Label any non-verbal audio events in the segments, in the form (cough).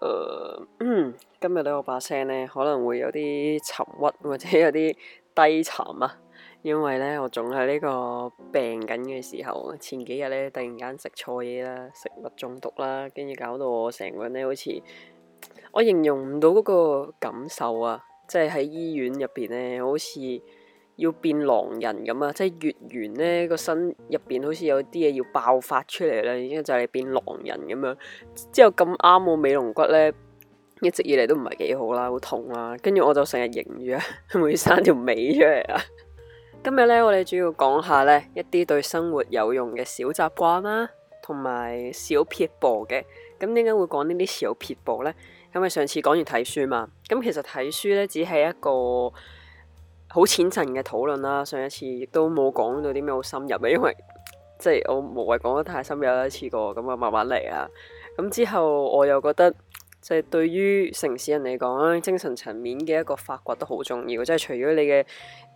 誒，uh, 今日咧我把聲咧可能會有啲沉鬱或者有啲低沉啊，因為咧我仲喺呢個病緊嘅時候，前幾日咧突然間食錯嘢啦，食物中毒啦，跟住搞到我成個人咧好似，我形容唔到嗰個感受啊，即係喺醫院入邊咧好似。要變狼人咁啊，即係月圓咧個身入邊好似有啲嘢要爆發出嚟啦，而家就嚟變狼人咁樣。之後咁啱我尾龍骨咧，一直以嚟都唔係幾好啦，好痛啦、啊。跟住我就成日凝住啊，我要生條尾出嚟啊。今日咧，我哋主要講下咧一啲對生活有用嘅小習慣啦，同埋小撇步嘅。咁點解會講呢啲小撇步咧？因為上次講完睇書嘛，咁其實睇書咧只係一個。好淺層嘅討論啦，上一次亦都冇講到啲咩好深入嘅，因為即係我無謂講得太深入一次過，咁啊慢慢嚟啊。咁之後我又覺得，即係對於城市人嚟講咧，精神層面嘅一個發掘都好重要，即係除咗你嘅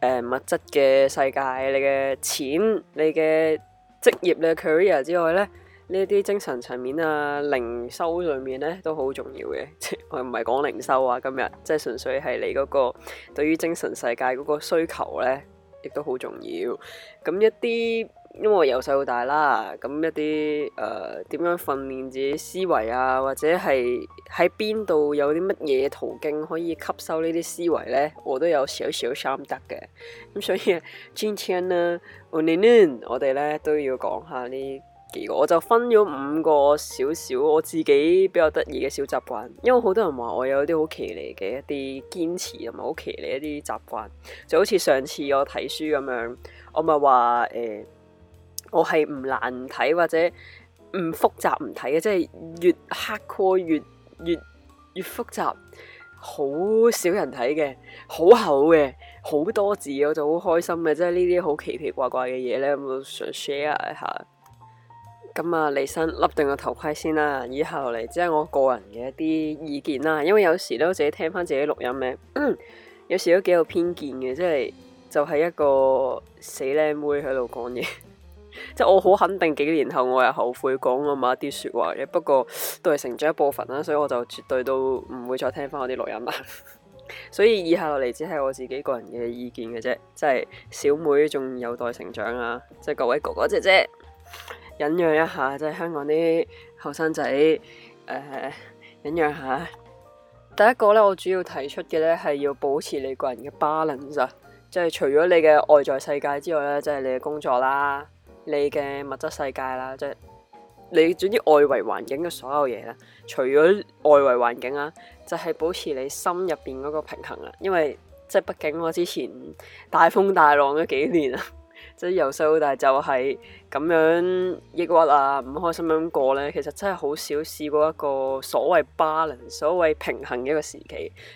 誒物質嘅世界、你嘅錢、你嘅職業，你嘅 career 之外呢。呢啲精神層面啊，靈修上面咧都好重要嘅，即 (laughs) 係我唔係講靈修啊，今日即係純粹係你嗰個對於精神世界嗰個需求咧，亦都好重要。咁一啲因為我由細到大啦，咁一啲誒點樣訓練自己思維啊，或者係喺邊度有啲乜嘢途徑可以吸收呢啲思維咧，我都有少少心得嘅。咁所以今天呢，我哋咧都要講下呢。幾個我就分咗五個少少我自己比較得意嘅小習慣，因為好多人話我有啲好奇離嘅一啲堅持同埋好奇離一啲習慣，就好似上次我睇書咁樣我、欸，我咪話誒，我係唔難睇或者唔複雜唔睇嘅，即係越黑科越越越複雜，好少人睇嘅，好厚嘅，好多字，我就好開心嘅，即係呢啲好奇奇怪怪嘅嘢咧，我想 share 一下。咁啊，你先笠定個頭盔先啦。以下落嚟，只係我個人嘅一啲意見啦。因為有時都自己聽翻自己錄音嘅，有時都幾有偏見嘅，即係就係一個死靚妹喺度講嘢。 (laughs) 即係我好肯定，幾年後我又後悔講過某一啲說話嘅。不過都係成長一部分啦，所以我就絕對都唔會再聽翻我啲錄音啦。 (laughs) 所以以下落嚟只係我自己個人嘅意見嘅啫，即係小妹仲有待成長啊，即係各位哥哥姐姐。隱約一下，即係香港啲後生仔，誒隱約下。第一個呢，我主要提出嘅呢係要保持你個人嘅 balance，即係除咗你嘅外在世界之外呢，即係你嘅工作啦、你嘅物質世界啦，即係你總之外圍環境嘅所有嘢啦。除咗外圍環境啦，就係保持你心入邊嗰個平衡啦。因為即係畢竟我之前大風大浪咗幾年啊。即係由細到大就係咁樣抑鬱啊，唔開心咁過呢。其實真係好少試過一個所謂 balance，所謂平衡嘅一個時期。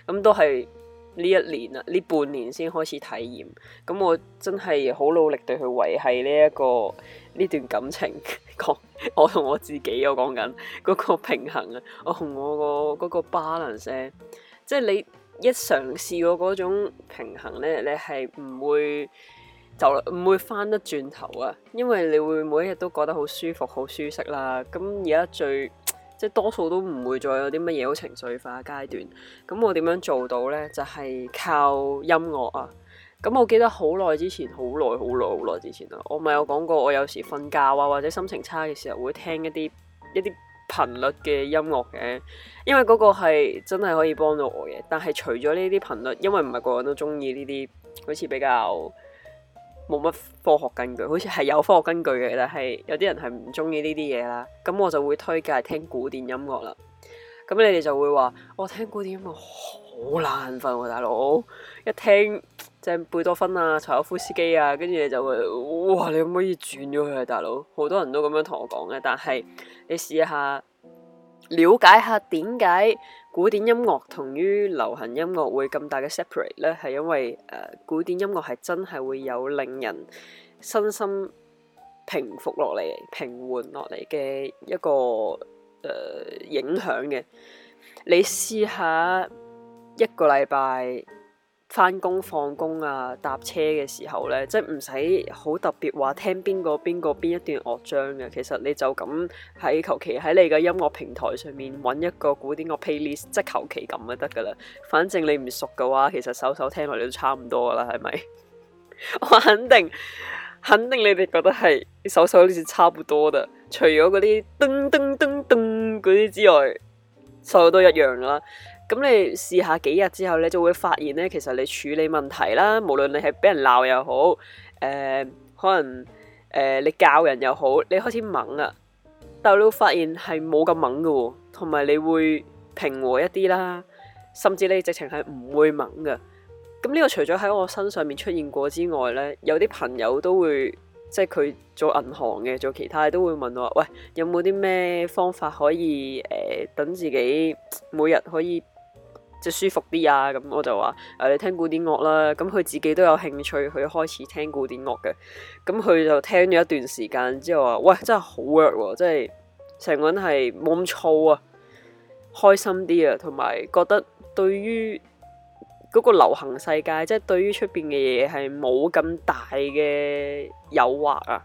咁，嗯，都係呢一年啊，呢半年先開始體驗。咁，嗯、我真係好努力對佢維繫呢一個呢段感情。講，我我同我自己我講緊嗰個平衡啊，我同我、個嗰個 balance，即係你一嘗試過嗰種平衡呢，你係唔會。就唔會翻得轉頭啊，因為你會每一日都覺得好舒服、好舒適啦。咁而家最即係多數都唔會再有啲乜嘢好情緒化階段。咁我點樣做到呢？就係靠音樂啊。咁我記得好耐之前，好耐、好耐、好耐之前啊，我咪有講過，我有時瞓覺啊，或者心情差嘅時候會聽一啲一啲頻率嘅音樂嘅。因為嗰個係真係可以幫到我嘅。但係除咗呢啲頻率，因為唔係個個都中意呢啲，好似比較，冇乜科學根據，好似係有科學根據嘅，但係有啲人係唔中意呢啲嘢啦。咁我就會推介聽古典音樂啦。咁你哋就會話：我聽古典音樂好難瞓喎、啊，大佬！一聽正、就係、貝多芬啊、柴可夫斯基啊，跟住你就會哇！你可唔可以轉咗佢啊，大佬？好多人都咁樣同我講嘅，但係你試下了解下點解。古典音樂同於流行音樂會咁大嘅 separate 咧，係因為誒、呃、古典音樂係真係會有令人身心平復落嚟、平緩落嚟嘅一個誒、呃、影響嘅。你試下一個禮拜。翻工放工啊，搭車嘅時候呢，即係唔使好特別話聽邊個邊個邊一段樂章嘅，其實你就咁喺求其喺你嘅音樂平台上面揾一個古典樂 playlist 即係求其咁就得噶啦反正你唔熟嘅話，其實首首聽落嚟都差唔多啦，係咪？ (laughs) 我肯定，肯定你哋覺得係首首好似差唔多噶，除咗嗰啲噔噔噔噔嗰啲之外，所有都一樣啦。咁你試下幾日之後你就會發現呢，其實你處理問題啦，無論你係俾人鬧又好，誒、呃，可能誒、呃，你教人又好，你開始猛啦，但係你會發現係冇咁猛噶，同埋你會平和一啲啦，甚至你直情係唔會猛噶。咁呢個除咗喺我身上面出現過之外呢，有啲朋友都會，即係佢做銀行嘅，做其他都會問我，喂，有冇啲咩方法可以誒、呃，等自己每日可以。即舒服啲啊，咁我就話誒、啊，你聽古典樂啦。咁佢自己都有興趣，佢開始聽古典樂嘅。咁佢就聽咗一段時間之後話，喂，真係好 work，即係成個人係冇咁燥啊，開心啲啊，同埋覺得對於嗰個流行世界，即、就、係、是、對於出邊嘅嘢係冇咁大嘅誘惑啊。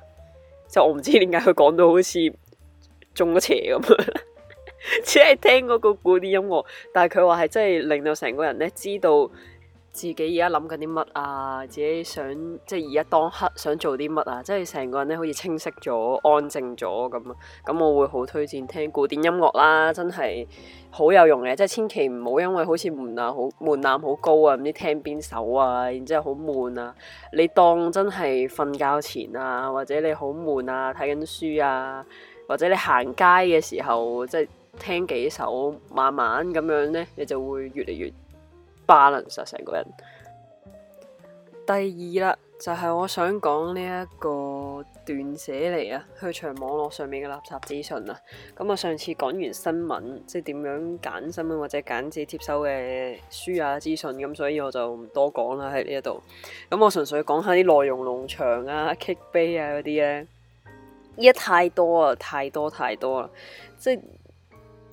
就是、我唔知點解佢講到好似中咗邪咁。只係聽嗰個古典音樂，但係佢話係真係令到成個人咧，知道自己而家諗緊啲乜啊，自己想即係而家當刻想做啲乜啊，即係成個人咧好似清晰咗、安靜咗咁啊。咁我會好推薦聽古典音樂啦，真係好有用嘅。即係千祈唔好因為好似門啊、好門檻好高啊，唔知聽邊首啊，然之後好悶啊。你當真係瞓覺前啊，或者你好悶啊，睇緊書啊，或者你行街嘅時候即係。聽幾首，慢慢咁樣呢，你就會越嚟越 balance 成個人。第二啦，就係、是、我想講呢一個斷捨離啊，去除網絡上面嘅垃圾資訊啊。咁我上次講完新聞，即係點樣揀新聞或者揀自己接收嘅書啊資訊，咁所以我就唔多講啦喺呢一度。咁我純粹講下啲內容農場啊、clickbait 啊嗰啲咧，一太多啊，太多太多啦，即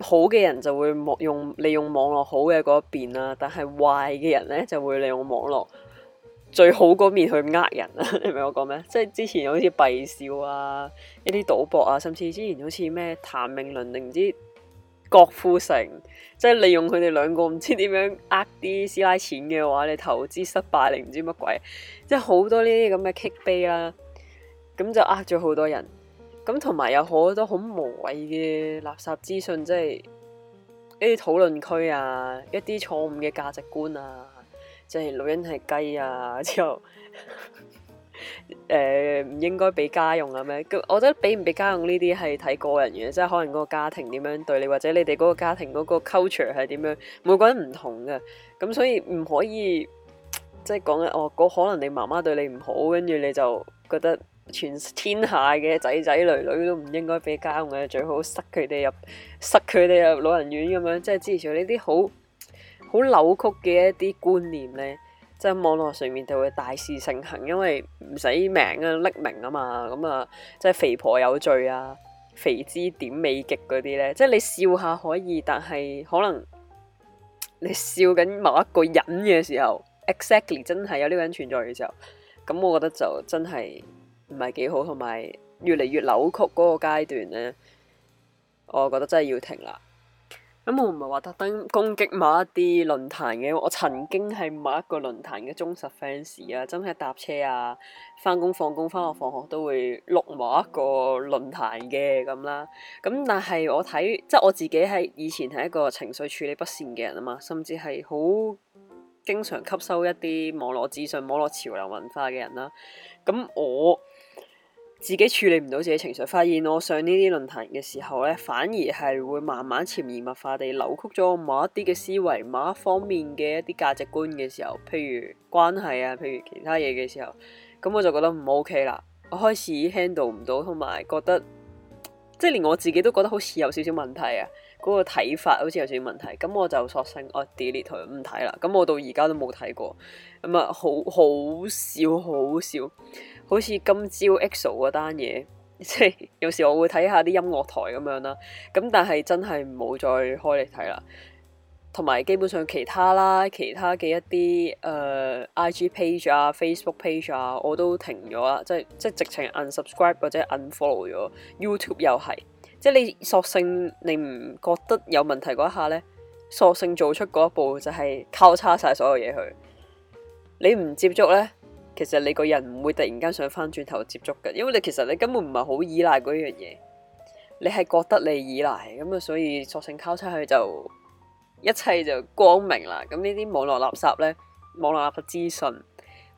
好嘅人就會用利用網絡好嘅嗰一邊啦，但係壞嘅人呢就會利用網絡最好嗰面去呃人啦。你 (laughs) 明我講咩？即係之前好似閉笑啊，一啲賭博啊，甚至之前好似咩譚詠麟定唔知郭富城，即係利用佢哋兩個唔知點樣呃啲師奶錢嘅話，你投資失敗你唔知乜鬼，即係好多呢啲咁嘅 K 杯啦，咁就呃咗好多人。咁同埋有好多好無謂嘅垃圾資訊，即係一啲討論區啊，一啲錯誤嘅價值觀啊，即係女人係雞啊，之後誒唔、 (laughs) 呃、應該俾家用啊咩？我覺得俾唔俾家用呢啲係睇個人嘅，即係可能嗰個家庭點樣對你，或者你哋嗰個家庭嗰個 culture 係點樣，每個人唔同嘅。咁所以唔可以即係講咧，哦，嗰可能你媽媽對你唔好，跟住你就覺得。全天下嘅仔仔女女都唔應該俾家用嘅，最好塞佢哋入塞佢哋入老人院咁樣，即係支持呢啲好好扭曲嘅一啲觀念呢，即係網絡上面就會大肆盛行，因為唔使名啊，匿名啊嘛。咁啊，即係肥婆有罪啊，肥子點美極嗰啲呢。即係你笑下可以，但係可能你笑緊某一個人嘅時候，exactly 真係有呢個人存在嘅時候，咁我覺得就真係。唔係幾好，同埋越嚟越扭曲嗰個階段呢，我覺得真係要停啦。咁我唔係話特登攻擊某一啲論壇嘅，我曾經係某一個論壇嘅忠實 fans 啊，真係搭車啊、翻工放工、翻學放學都會碌某一個論壇嘅咁啦。咁但係我睇，即係我自己係以前係一個情緒處理不善嘅人啊嘛，甚至係好經常吸收一啲網絡資訊、網絡潮流文化嘅人啦。咁我。自己處理唔到自己情緒，發現我上呢啲論壇嘅時候，呢反而係會慢慢潛移默化地扭曲咗某一啲嘅思維、某一方面嘅一啲價值觀嘅時候，譬如關係啊，譬如其他嘢嘅時候，咁我就覺得唔 OK 啦，我開始 handle 唔到，同埋覺得即係連我自己都覺得好似有少少問題啊，嗰個睇法好似有少少問題，咁、那個、我就索性我 delete 佢唔睇啦，咁、哦、我到而家都冇睇過，咁啊好好少好少。好似今朝 Excel 嗰單嘢，即 (laughs) 係有時我會睇下啲音樂台咁樣啦，咁但係真係唔好再開嚟睇啦。同埋基本上其他啦，其他嘅一啲誒、呃、IG page 啊、Facebook page 啊，我都停咗啦，即係即係直情 unsubscribe 或者 unfollow 咗。YouTube 又係，即係你索性你唔覺得有問題嗰一下呢，索性做出嗰一步就係交叉晒所有嘢去。你唔接觸呢。其實你個人唔會突然間想翻轉頭接觸嘅，因為你其實你根本唔係好依賴嗰樣嘢，你係覺得你依賴咁啊，所以索性拋出去就一切就光明啦。咁呢啲網絡垃圾咧，網絡垃圾資訊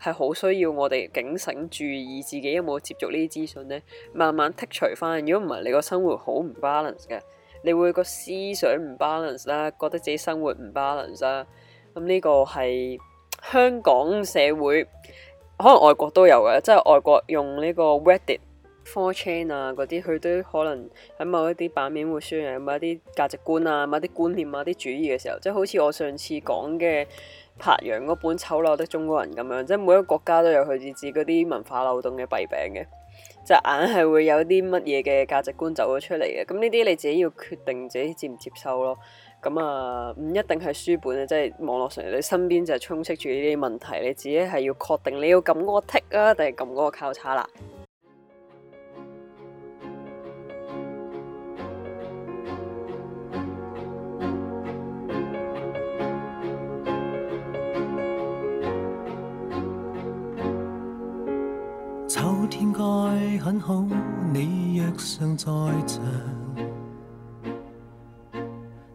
係好需要我哋警醒，注意自己有冇接觸呢啲資訊咧，慢慢剔除翻。如果唔係，你個生活好唔 balance 嘅，你會個思想唔 balance 啦，覺得自己生活唔 balance 啦。咁呢個係香港社會。可能外國都有嘅，即係外國用呢個 Reddit、啊、4chan 啊嗰啲，佢都可能喺某一啲版面會宣揚某一啲價值觀啊、某一啲觀念啊、啲主義嘅時候，即係好似我上次講嘅柏楊嗰本《醜陋的中國人》咁樣，即係每一個國家都有佢哋自己嗰啲文化漏洞嘅弊病嘅，就硬係會有啲乜嘢嘅價值觀走咗出嚟嘅。咁呢啲你自己要決定自己接唔接收咯。咁啊，唔、嗯、一定係書本咧，即係網絡上，你身邊就係充斥住呢啲問題，你自己係要確定你要撳嗰、嗰個剔啊，定係撳嗰個交叉啦。啊、 (music) 秋天該很好，你若尚在場。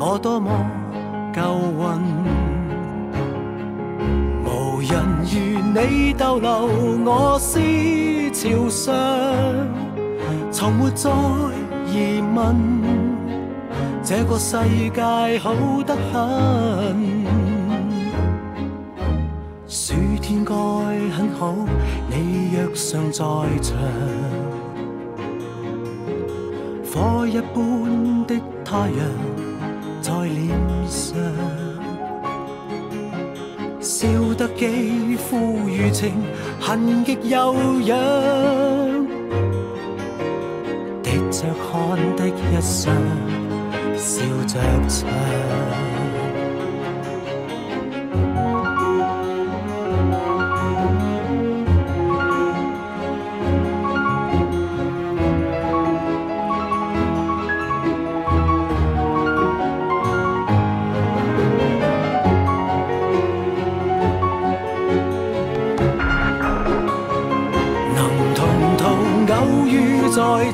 我多麼夠運，無人如你逗留我思潮上，從沒再疑問，這個世界好得很。暑天該很好，你若尚在場，火一般的太陽。在臉上，笑得肌膚如情，痕跡悠揚，滴着汗的一雙，笑着唱。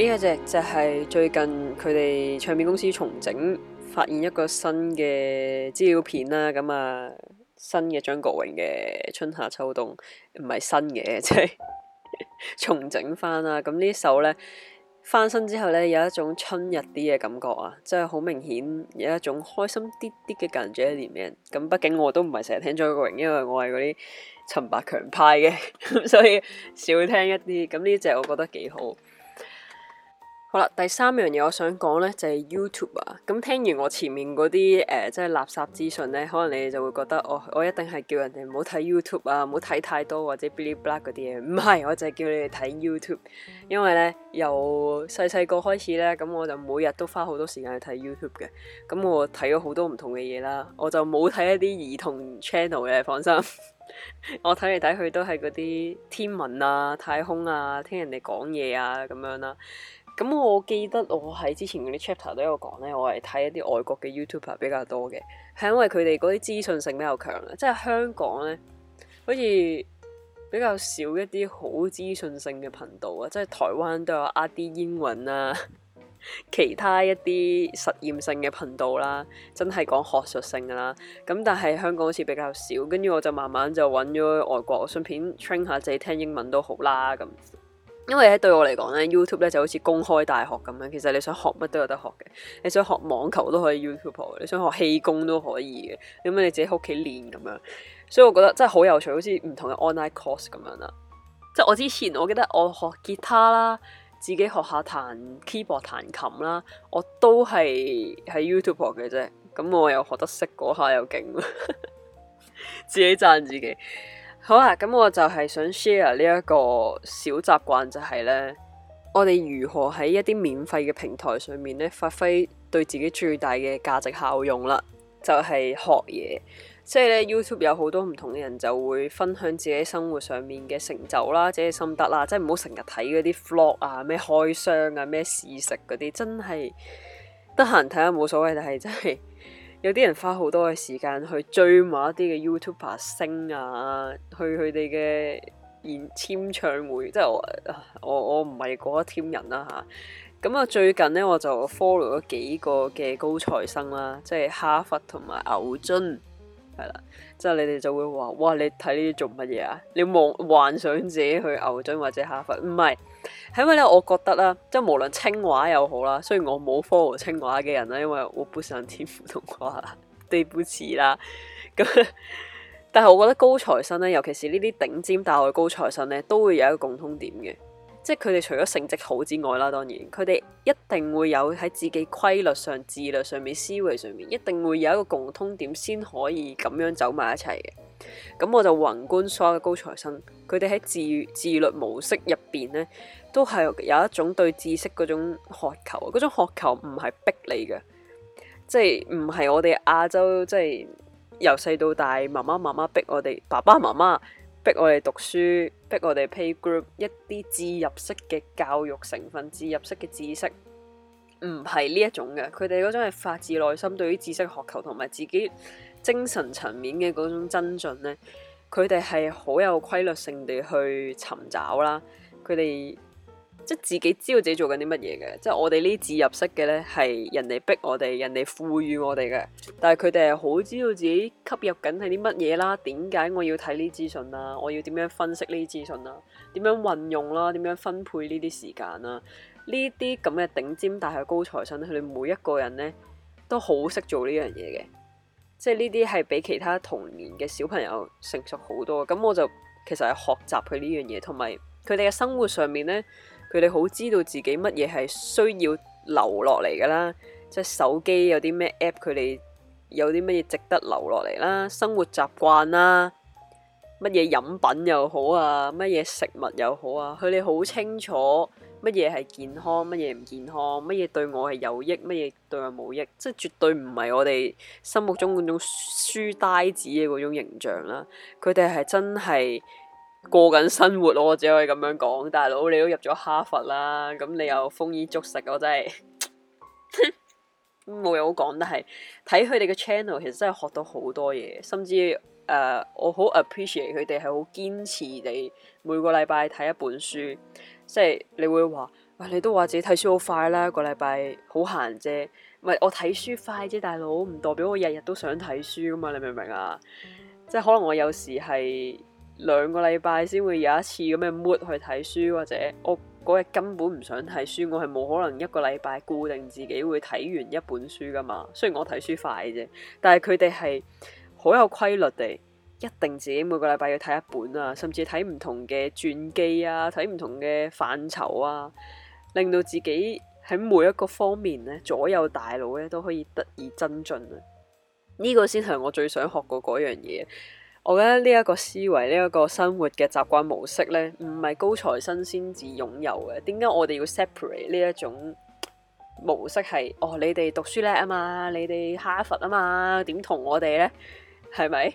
呢一隻就係最近佢哋唱片公司重整，發現一個新嘅資料片啦。咁啊，新嘅張國榮嘅《春夏秋冬》唔係新嘅，即係重整翻啦。咁呢首咧翻身之後咧，有一種春日啲嘅感覺啊，即係好明顯有一種開心啲啲嘅感覺喺裡面。咁畢竟我都唔係成日聽張國榮，因為我係嗰啲陳百強派嘅， (laughs) 所以少聽一啲。咁呢隻我覺得幾好。好啦，第三樣嘢我想講呢就係、是、YouTube 啊！咁、嗯、聽完我前面嗰啲誒，即係垃圾資訊呢，可能你哋就會覺得哦，我一定係叫人哋唔好睇 YouTube 啊，唔好睇太多或者 Billy 嗶哩嗶啦嗰啲嘢。唔係，我就係叫你哋睇 YouTube，因為呢由細細個開始呢，咁我就每日都花好多時間去睇 YouTube 嘅。咁我睇咗好多唔同嘅嘢啦，我就冇睇一啲兒童 channel 嘅，放心， (laughs) 我睇嚟睇去都係嗰啲天文啊、太空啊、聽人哋講嘢啊咁樣啦。咁我記得我喺之前嗰啲 chapter 都有講咧，我係睇一啲外國嘅 YouTuber 比較多嘅，係因為佢哋嗰啲資訊性比較強嘅，即係香港咧，好似比較少一啲好資訊性嘅頻道啊，即係台灣都有啲英文啊，其他一啲實驗性嘅頻道啦、啊，真係講學術性㗎啦，咁但係香港好似比較少，跟住我就慢慢就揾咗外國，我順便 train 下自己聽英文都好啦咁。因為咧對我嚟講咧 YouTube 咧就好似公開大學咁樣，其實你想學乜都有得學嘅。你想學網球都可以。YouTube 你想學氣功都可以嘅，咁你自己喺屋企練咁樣。所以我覺得真係好有趣，好似唔同嘅 online course 咁樣啦。即係我之前我記得我學吉他啦，自己學下彈 keyboard 彈琴啦，我都係喺 YouTube 學嘅啫。咁我又學得識，嗰下又勁，自己讚自己。好啦，咁我就係想 share 呢一個小習慣就係呢：我哋如何喺一啲免費嘅平台上面呢，發揮對自己最大嘅價值效用啦，就係學嘢。即係呢 YouTube 有好多唔同嘅人就會分享自己生活上面嘅成就啦、自己心得啦，即係唔好成日睇嗰啲 vlog 啊、咩開箱啊、咩試食嗰啲，真係得閒睇下冇所謂，但係真係。有啲人花好多嘅時間去追某一啲嘅 YouTuber 星啊，去佢哋嘅演簽唱會。即係我我我唔係嗰一隊人啦、啊、嚇。咁啊我最近咧我就 follow 咗幾個嘅高材生啦、啊，即係哈佛同埋牛津係啦。即係你哋就會話：哇！你睇呢啲做乜嘢啊？你望幻想自己去牛津或者哈佛，唔係。係因為咧，我覺得啦，即係無論清華又好啦，雖然我冇 follow 清華嘅人啦，因為我本身天賦同我地不似 (laughs) 起啦，咁， (laughs) 但係我覺得高材生咧，尤其是呢啲頂尖大學嘅高材生咧，都會有一個共通點嘅。即係佢哋除咗成績好之外啦，當然佢哋一定會有喺自己規律上、自律上面、思維上面，一定會有一個共通點先可以咁樣走埋一齊嘅。咁我就宏觀所有嘅高材生，佢哋喺自自律模式入邊呢，都係有一種對知識嗰種渴求，嗰種渴求唔係逼你嘅，即係唔係我哋亞洲即係由細到大，媽媽媽媽逼我哋，爸爸媽媽。逼我哋讀書，逼我哋 play group 一啲自入式嘅教育成分，自入式嘅知識，唔係呢一種嘅。佢哋嗰種係發自內心對於知識渴求，同埋自己精神層面嘅嗰種增進呢，佢哋係好有規律性地去尋找啦。佢哋。即自己知道自己做緊啲乜嘢嘅，即係我哋呢自入式嘅咧，係人哋逼我哋，人哋賦予我哋嘅。但係佢哋係好知道自己吸入緊係啲乜嘢啦，點解我要睇呢資訊啦，我要點樣分析呢資訊啦，點樣運用啦、啊，點樣分配呢啲時間啦、啊，呢啲咁嘅頂尖大學高材生，佢哋每一個人咧都好識做呢樣嘢嘅，即係呢啲係比其他童年嘅小朋友成熟好多。咁我就其實係學習佢呢樣嘢，同埋佢哋嘅生活上面咧。佢哋好知道自己乜嘢係需要留落嚟㗎啦，即係手機有啲咩 app，佢哋有啲乜嘢值得留落嚟啦，生活習慣啦，乜嘢飲品又好啊，乜嘢食物又好啊，佢哋好清楚乜嘢係健康，乜嘢唔健康，乜嘢對我係有益，乜嘢對我冇益，即係絕對唔係我哋心目中嗰種書呆子嘅嗰種形象啦。佢哋係真係過緊生活咯，我只可以咁樣講。大佬，你都入咗哈佛啦，咁你又豐衣足食，我真係，冇 (laughs) 嘢好講。但係睇佢哋嘅 channel，其實真係學到好多嘢，甚至誒、呃，我好 appreciate 佢哋係好堅持地每個禮拜睇一本書，即係你會話，你都話自己睇書好快啦，個禮拜好閒啫，唔係我睇書快啫，大佬，唔代表我日日都想睇書噶嘛，你明唔明啊？即係可能我有時係。兩個禮拜先會有一次咁嘅 mood 去睇書，或者我嗰日根本唔想睇書，我係冇可能一個禮拜固定自己會睇完一本書㗎嘛。雖然我睇書快啫，但係佢哋係好有規律地，一定自己每個禮拜要睇一本啊，甚至睇唔同嘅傳記啊，睇唔同嘅範疇啊，令到自己喺每一個方面呢，左右大腦咧都可以得以增進啊。呢個先係我最想學過嗰樣嘢。我覺得呢一個思維，呢、這、一個生活嘅習慣模式呢，唔係高材生先至擁有嘅。點解我哋要 separate 呢一種模式？係哦，你哋讀書叻啊嘛，你哋哈佛啊嘛，點同我哋呢？係咪？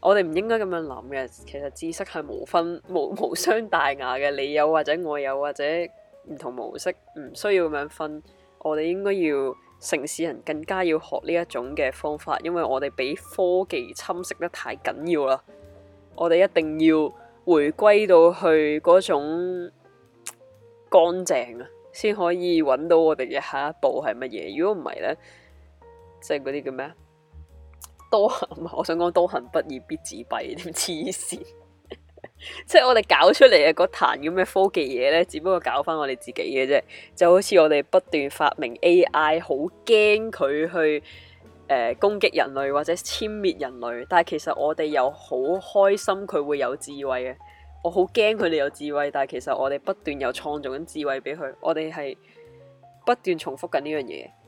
我哋唔應該咁樣諗嘅。其實知識係無分無無傷大雅嘅，你有或者我有或者唔同模式，唔需要咁樣分。我哋應該要。城市人更加要學呢一種嘅方法，因為我哋俾科技侵蝕得太緊要啦，我哋一定要回歸到去嗰種乾淨啊，先可以揾到我哋嘅下一步係乜嘢。如果唔係呢，即係嗰啲叫咩多行，我想講多行不義必自斃呢啲黐線。即係我哋搞出嚟嘅嗰壇咁嘅科技嘢咧，只不過搞翻我哋自己嘅啫，就好似我哋不斷發明 AI，好驚佢去誒、呃、攻擊人類或者殲滅人類，但係其實我哋又好開心佢會有智慧嘅，我好驚佢哋有智慧，但係其實我哋不斷又創造緊智慧俾佢，我哋係不斷重複緊呢樣嘢。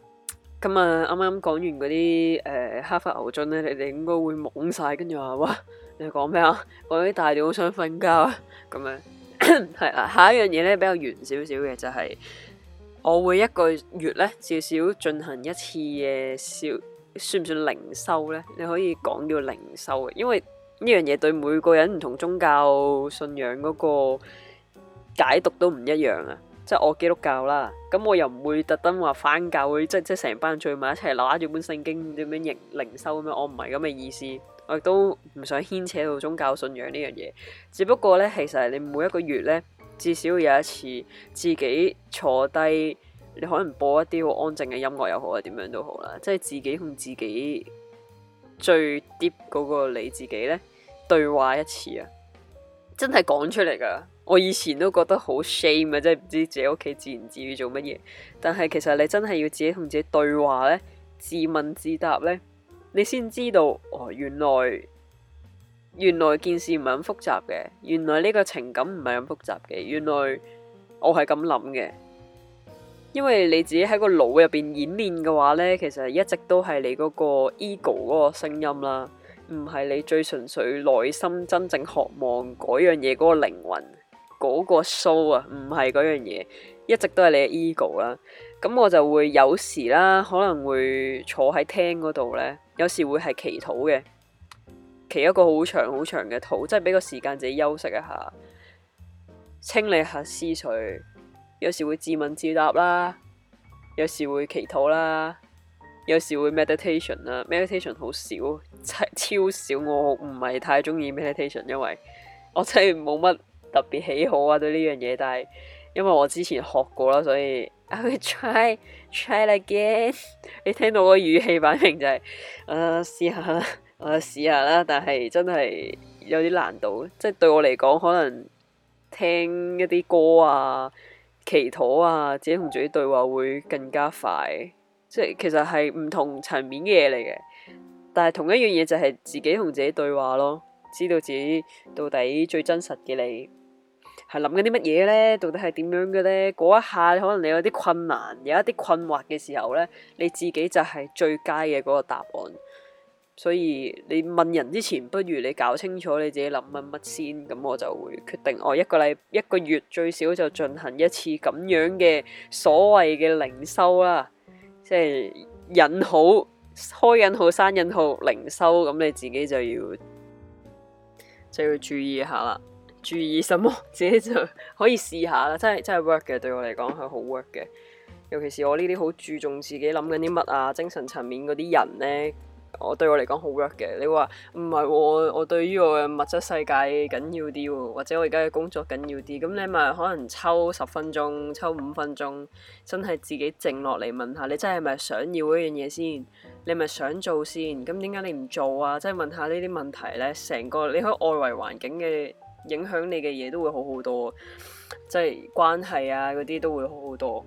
咁啊，啱啱講完嗰啲誒哈佛牛津咧，你哋應該會懵曬，跟住話哇，你講咩啊？講啲大料，好想瞓覺咁樣。係啦，下一樣嘢咧比較圓少少嘅就係，我會一個月咧少少進行一次嘅。少，算唔算靈修咧？你可以講叫靈修，因為呢樣嘢對每個人唔同宗教信仰嗰個解讀都唔一樣啊。即係我基督教啦，咁我又唔會特登話返教會，即係即係成班聚埋一齊攋住本聖經點樣靈靈修咁樣，我唔係咁嘅意思，我亦都唔想牽扯到宗教信仰呢樣嘢。只不過咧，其實係你每一個月咧，至少有一次自己坐低，你可能播一啲好安靜嘅音樂又好啊，點樣都好啦，即係自己同自己最 deep 嗰個你自己咧對話一次啊，真係講出嚟噶我以前都覺得好 shame 啊，真係唔知自己屋企自言自語做乜嘢。但係其實你真係要自己同自己對話呢，自問自答呢，你先知道哦。原來原來件事唔係咁複雜嘅，原來呢個情感唔係咁複雜嘅，原來我係咁諗嘅。因為你自己喺個腦入邊演練嘅話呢，其實一直都係你嗰個 ego 嗰個聲音啦，唔係你最純粹內心真正渴望嗰樣嘢嗰個靈魂。嗰個 show 啊，唔係嗰樣嘢，一直都係你嘅 ego 啦。咁我就會有時啦，可能會坐喺廳嗰度咧。有時會係祈禱嘅，祈一個好長好長嘅禱，即係俾個時間自己休息一下，清理下思緒。有時會自問自答啦，有時會祈禱啦，有時會 meditation 啦。meditation 好少，超少。我唔係太鍾意 meditation，因為我真係冇乜。特別喜好啊，對呢樣嘢，但係因為我之前學過啦，所以 I will try try again。 (laughs) 你聽到個語氣，擺明就係、是、啊，試、呃、下啦，我、呃、試下啦，但係真係有啲難度，即係對我嚟講，可能聽一啲歌啊、祈禱啊，自己同自己對話會更加快。即係其實係唔同層面嘅嘢嚟嘅，但係同一樣嘢就係自己同自己對話咯，知道自己到底最真實嘅你。係諗緊啲乜嘢呢？到底係點樣嘅呢？嗰一下可能你有啲困難，有一啲困惑嘅時候呢，你自己就係最佳嘅嗰個答案。所以你問人之前，不如你搞清楚你自己諗緊乜先。咁我就會決定，我、哦、一個禮一個月最少就進行一次咁樣嘅所謂嘅靈修啦，即係引號開引號刪引號靈修。咁你自己就要就要注意下啦。注意什麼，自己就 (laughs) 可以試下啦。真係，真係 work 嘅，對我嚟講，係好 work 嘅。尤其是我呢啲好注重自己諗緊啲乜啊，精神層面嗰啲人咧、哦，我對我嚟講，好 work 嘅。你話唔係，喎，我對於我嘅物質世界緊要啲、喎、或者我而家嘅工作緊要啲，咁你咪可能抽十分鐘，抽五分鐘，真係自己靜落嚟問下，你真係咪想要嗰樣嘢先？你咪想做先？咁點解你唔做啊？即係問下呢啲問題咧，成個你喺外圍環境嘅。影響你嘅嘢都會好好多，即係關係啊嗰啲都會好好多，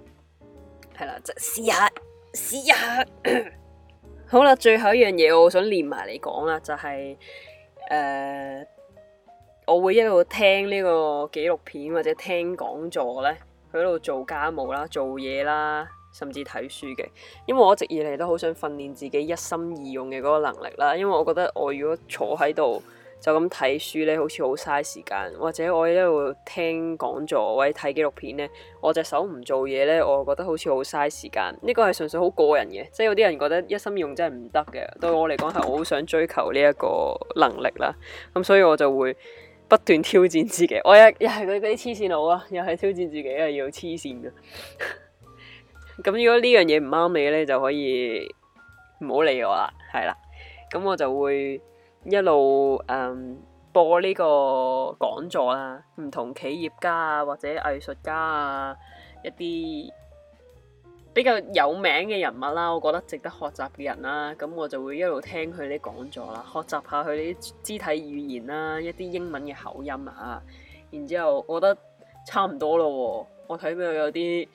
係啦，即係試下試下。試下 (coughs) 好啦，最後一樣嘢，我想連埋嚟講啦，就係、是、誒、呃，我會一路聽呢個紀錄片或者聽講座呢，佢喺度做家務啦、做嘢啦，甚至睇書嘅。因為我一直以嚟都好想訓練自己一心二用嘅嗰個能力啦，因為我覺得我如果坐喺度。就咁睇書咧，好似好嘥時間；或者我一路聽講座或者睇紀錄片咧，我隻手唔做嘢咧，我覺得好似好嘥時間。呢個係純粹好個人嘅，即係有啲人覺得一心用真係唔得嘅。對我嚟講係，我好想追求呢一個能力啦。咁所以我就會不斷挑戰自己。我一又係嗰啲嗰啲黐線佬啊，又係挑戰自己啊，要黐線噶。咁如果呢樣嘢唔啱你咧，就可以唔好理我啦，係啦。咁我就會。一路誒、嗯、播呢個講座啦，唔同企業家啊，或者藝術家啊，一啲比較有名嘅人物啦，我覺得值得學習嘅人啦，咁我就會一路聽佢啲講座啦，學習下佢啲肢體語言啦，一啲英文嘅口音啊，然之後我覺得差唔多咯喎、哦，我睇到有啲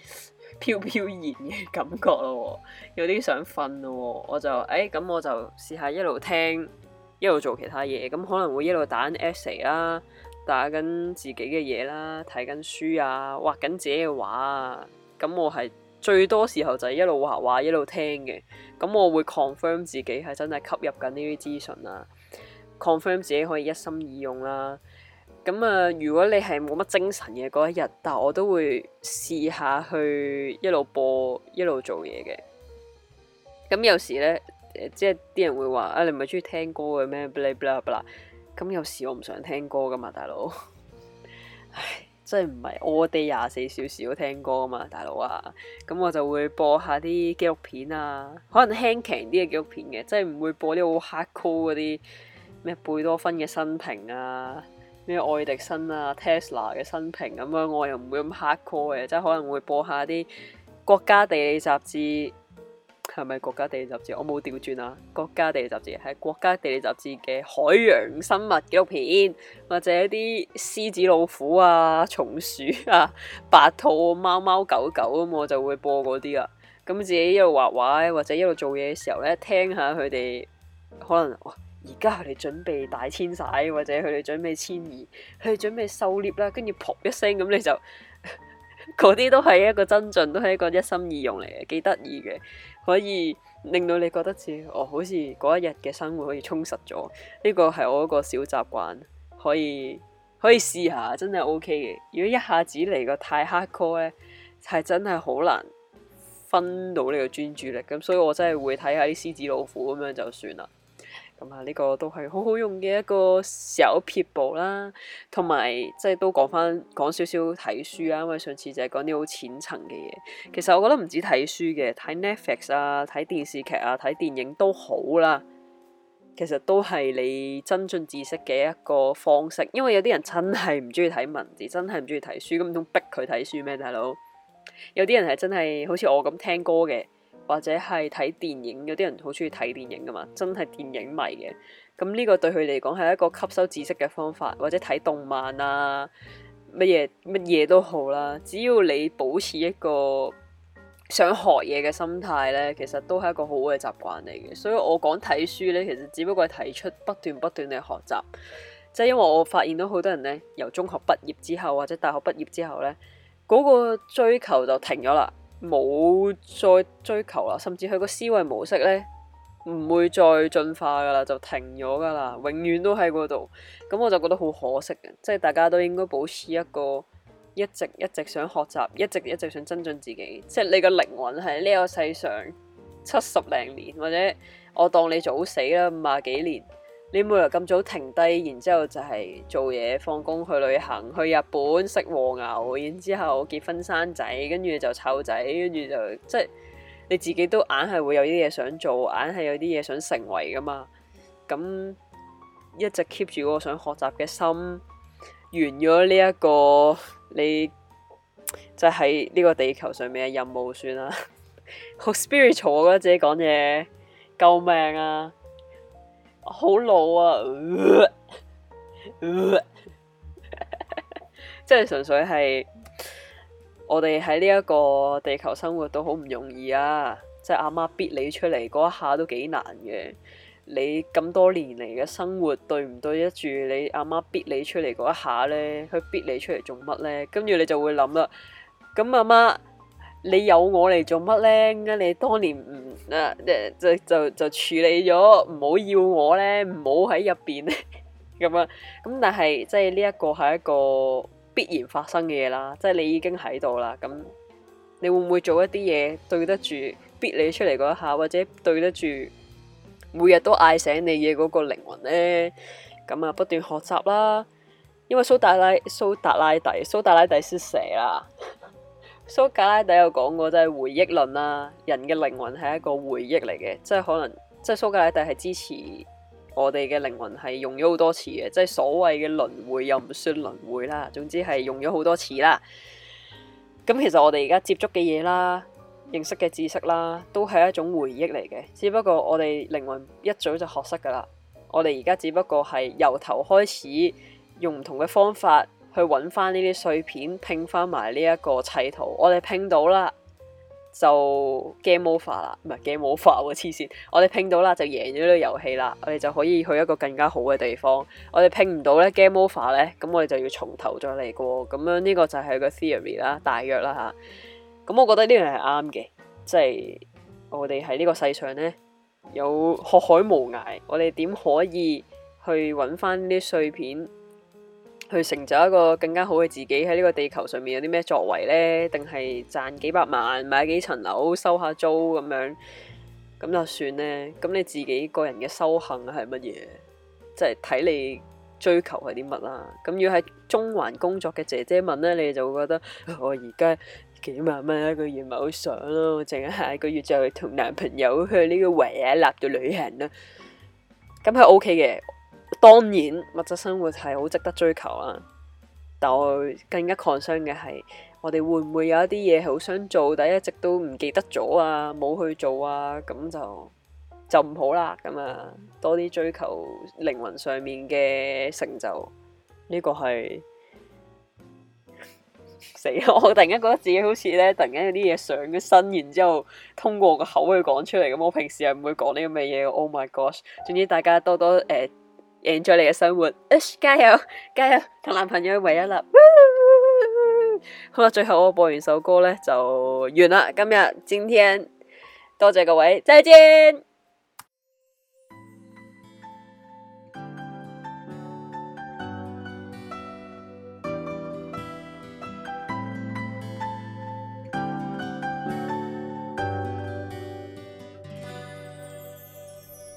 飄飄然嘅感覺咯喎、哦，有啲想瞓咯喎，我就誒咁、欸、我就試下一路聽。一路做其他嘢，咁可能會一路打緊 essay 啦，打緊自己嘅嘢啦，睇緊書啊，畫緊自己嘅畫啊。咁我係最多時候就係一路畫畫一，一路聽嘅。咁我會 confirm 自己係真係吸入緊呢啲資訊啦，confirm 自己可以一心二用啦。咁啊，如果你係冇乜精神嘅嗰一日，但我都會試下去一路播一路做嘢嘅。咁有時呢。即係啲人會話啊、哎，你唔係中意聽歌嘅咩 Bl？bla bla bla，咁有時我唔想聽歌噶嘛，大佬。 (laughs) 唉，真係唔係我哋廿四小時都聽歌噶嘛，大佬啊。咁我就會播一下啲紀錄片啊，可能輕鬆啲嘅紀錄片嘅，即係唔會播啲好黑 cool 嗰啲咩貝多芬嘅生平啊，咩愛迪生啊、Tesla 嘅生平咁樣，我又唔會咁黑 cool 嘅，即係可能會播一下啲國家地理雜誌。係咪國家地理雜誌？我冇調轉啊！國家地理雜誌係國家地理雜誌嘅海洋生物紀錄片，或者啲獅子、老虎啊、松鼠啊、白兔、貓貓狗狗咁，我就會播嗰啲啊。咁自己一路畫畫或者一路做嘢嘅時候咧，聽一下佢哋可能而家佢哋準備大遷徙，或者佢哋準備遷移，佢哋準備狩獵啦，跟住撲一聲咁，你就嗰啲 (laughs) 都係一個增進，都係一個一心二用嚟嘅，幾得意嘅。可以令到你覺得自己哦，好似嗰一日嘅生活可以充實咗。呢個係我一個小習慣，可以可以試下，真係 OK 嘅。如果一下子嚟個太 hardcore 咧，係真係好難分到呢個專注力。咁所以我真係會睇下啲獅子老虎咁樣就算啦。咁啊，呢個都係好好用嘅一個小撇步啦，同埋即係都講翻講少少睇書啊，因為上次就係講啲好淺層嘅嘢。其實我覺得唔止睇書嘅，睇 Netflix 啊、睇電視劇啊、睇電影都好啦。其實都係你增進知識嘅一個方式，因為有啲人真係唔中意睇文字，真係唔中意睇書，咁唔通逼佢睇書咩？大佬，有啲人係真係好似我咁聽歌嘅。或者係睇電影，有啲人好中意睇電影噶嘛，真係電影迷嘅。咁呢個對佢嚟講係一個吸收知識嘅方法，或者睇動漫啊，乜嘢乜嘢都好啦。只要你保持一個想學嘢嘅心態咧，其實都係一個好好嘅習慣嚟嘅。所以我講睇書咧，其實只不過係提出不斷不斷嘅學習。即係因為我發現到好多人咧，由中學畢業之後或者大學畢業之後咧，嗰個追求就停咗啦。冇再追求啦，甚至佢個思維模式呢唔會再進化噶啦，就停咗噶啦，永遠都喺嗰度。咁我就覺得好可惜嘅，即係大家都應該保持一個一直一直想學習，一直一直想增進自己。即係你個靈魂喺呢個世上七十零年，或者我當你早死啦五啊幾年。你每日咁早停低，然之後就係做嘢、放工、去旅行、去日本、食和牛，然之後結婚生仔，跟住就湊仔，跟住就即係你自己都硬係會有啲嘢想做，硬係有啲嘢想成為噶嘛？咁一直 keep 住嗰個想學習嘅心，完咗呢一個你就喺、是、呢個地球上面嘅任務算啦。好 (laughs) spiritual，我覺、啊、得自己講嘢，救命啊！好老啊！即係純粹係我哋喺呢一個地球生活都好唔容易啊！即係阿媽逼你出嚟嗰一下都幾難嘅，你咁多年嚟嘅生活對唔對得住你阿媽逼你出嚟嗰一下呢？佢逼你出嚟做乜呢？跟住你就會諗啦，咁阿媽。你有我嚟做乜咧？你當年唔啊，即就就，就處理咗，唔好要，要我咧，唔好喺入邊咁啊！咁 (laughs) 但係即係呢一個係一個必然發生嘅嘢啦，即係你已經喺度啦。咁你會唔會做一啲嘢對得住逼你出嚟嗰一下，或者對得住每日都嗌醒你嘅嗰個靈魂咧？咁啊，不斷學習啦！因為蘇達拉蘇達拉底蘇達拉底先死啦！蘇格拉底有講過，即係回憶論啦，人嘅靈魂係一個回憶嚟嘅，即係可能，即係蘇格拉底係支持我哋嘅靈魂係用咗好多次嘅，即係所謂嘅輪回又唔算輪回啦，總之係用咗好多次啦。咁其實我哋而家接觸嘅嘢啦，認識嘅知識啦，都係一種回憶嚟嘅，只不過我哋靈魂一早就學識㗎喇，我哋而家只不過係由頭開始，用唔同嘅方法。去揾翻呢啲碎片，拼翻埋呢一個砌圖。我哋拼到啦，就 game over 啦，唔係 game over，黐線。我哋拼到啦，就贏咗呢個遊戲啦。我哋就可以去一個更加好嘅地方。我哋拼唔到呢 game over 呢，咁我哋就要從頭再嚟過。咁樣呢個就係個 theory 啦，大約啦嚇。咁我覺得呢樣係啱嘅，即係我哋喺呢個世上呢，有學海無涯，我哋點可以去揾翻呢啲碎片？去成就一個更加好嘅自己，喺呢個地球上面有啲咩作為呢？定係賺幾百萬，買幾層樓，收下租咁樣，咁就算呢。咁你自己個人嘅修行係乜嘢？即係睇你追求係啲乜啦？咁要喺中環工作嘅姐姐問呢，你就會覺得、啊、我而家幾萬蚊一個月唔係好想咯，淨係下一個月就同男朋友去呢個維也納度旅行啦。咁係 OK 嘅。當然物質生活係好值得追求啦，但係我更加 concern 嘅係我哋會唔會有一啲嘢係好想做，但係一直都唔記得咗啊，冇去做啊，咁就就唔好啦。咁啊，多啲追求靈魂上面嘅成就，呢個係死喇！我突然間覺得自己好似咧，突然間有啲嘢上咗身，然之後通過個口去講出嚟。咁我平時係唔會講呢咁嘅嘢。Oh my gosh！總之大家多多誒～Enjoy 你嘅生活，sh，加油，加油！同男朋友唯一啦， (laughs) (laughs) 好啦，最後我播完首歌咧就完啦，今日，今天，今天多謝各位，再見。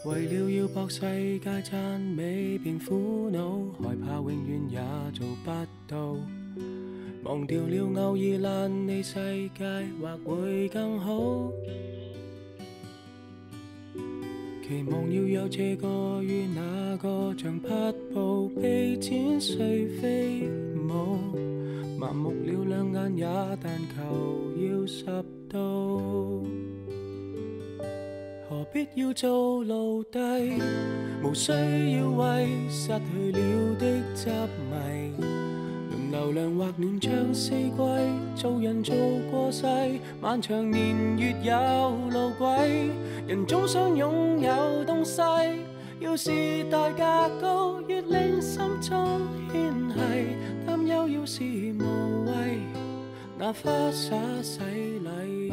為了要博世界讚美，便苦惱，害怕永遠也做不到。忘掉了偶爾懶理世界或會更好。期望要有這個與那個，像匹布被剪碎飛舞，盲目了兩眼也但求要拾到。必要做奴隸，無需要為失去了的執迷。論流量或年長四季，做人做過世，漫長年月有路軌。人總想擁有東西，要是代價高，越令心中牽繫。擔憂要是無謂，那花灑洗禮。